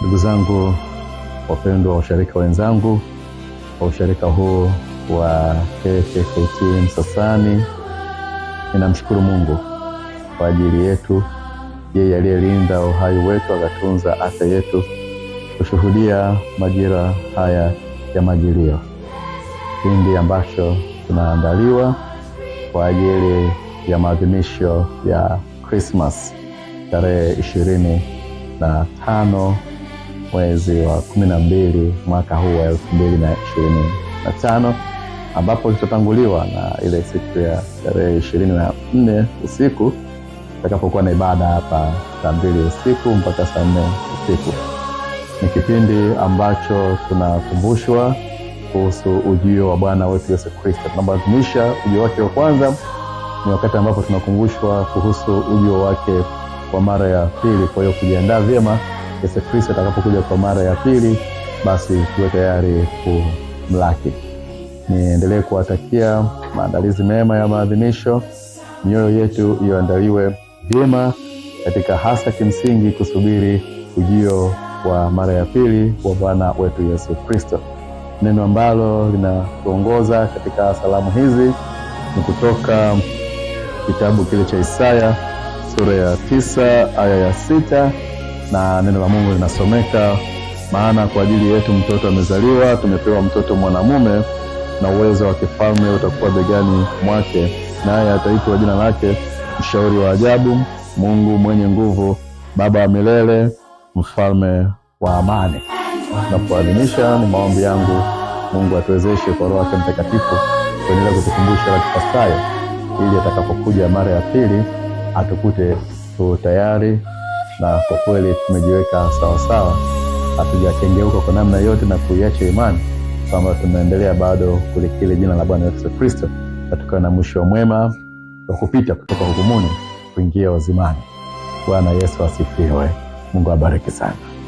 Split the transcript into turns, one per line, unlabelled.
Ndugu zangu wapendwa, washarika wenzangu wa usharika huu wa KKKT Msasani, ninamshukuru Mungu kwa ajili yetu, yeye aliyelinda uhai wetu akatunza afya yetu kushuhudia majira haya ya majilio, kipindi ambacho tunaandaliwa kwa ajili ya maadhimisho ya Krismas tarehe ishirini na tano mwezi wa kumi na mbili mwaka huu wa elfu mbili na ishirini na tano ambapo ilichotanguliwa na ile siku ya tarehe ishirini na nne usiku itakapokuwa na ibada hapa saa mbili usiku mpaka saa nne usiku. Ni kipindi ambacho tunakumbushwa kuhusu ujio wa Bwana wetu Yesu Kristo. Tunapoadhimisha ujio wake wa kwanza, ni wakati ambapo tunakumbushwa kuhusu ujio wake kwa mara ya pili. Kwa hiyo kujiandaa vyema Yesu Kristo atakapokuja kwa mara ya pili, basi tuwe tayari kumlaki. Niendelee kuwatakia maandalizi mema ya maadhimisho, mioyo yetu iandaliwe vyema katika hasa kimsingi kusubiri ujio wa mara ya pili wa Bwana wetu Yesu Kristo. Neno ambalo linatuongoza katika salamu hizi ni kutoka kitabu kile cha Isaya sura ya tisa aya ya sita na neno la Mungu linasomeka, maana kwa ajili yetu mtoto amezaliwa, tumepewa mtoto mwanamume, na uwezo wa kifalme utakuwa begani mwake, naye ataitwa jina lake Mshauri wa Ajabu, Mungu mwenye Nguvu, Baba wa Milele, Mfalme wa Amani. kuadhimisha ni maombi yangu Mungu atuwezeshe kwa Roho yake Mtakatifu kuendelea kutukumbusha la kipasayo, ili atakapokuja mara ya pili atukute tu tayari na kwa kweli tumejiweka sawasawa, hatujakengeuka kwa namna yote na kuiacha imani kwamba tunaendelea bado kulikili jina la Bwana Yesu Kristo, na tukawa na mwisho mwema wa kupita kutoka hukumuni kuingia wazimani Bwana Yesu asifiwe. Mungu abariki sana.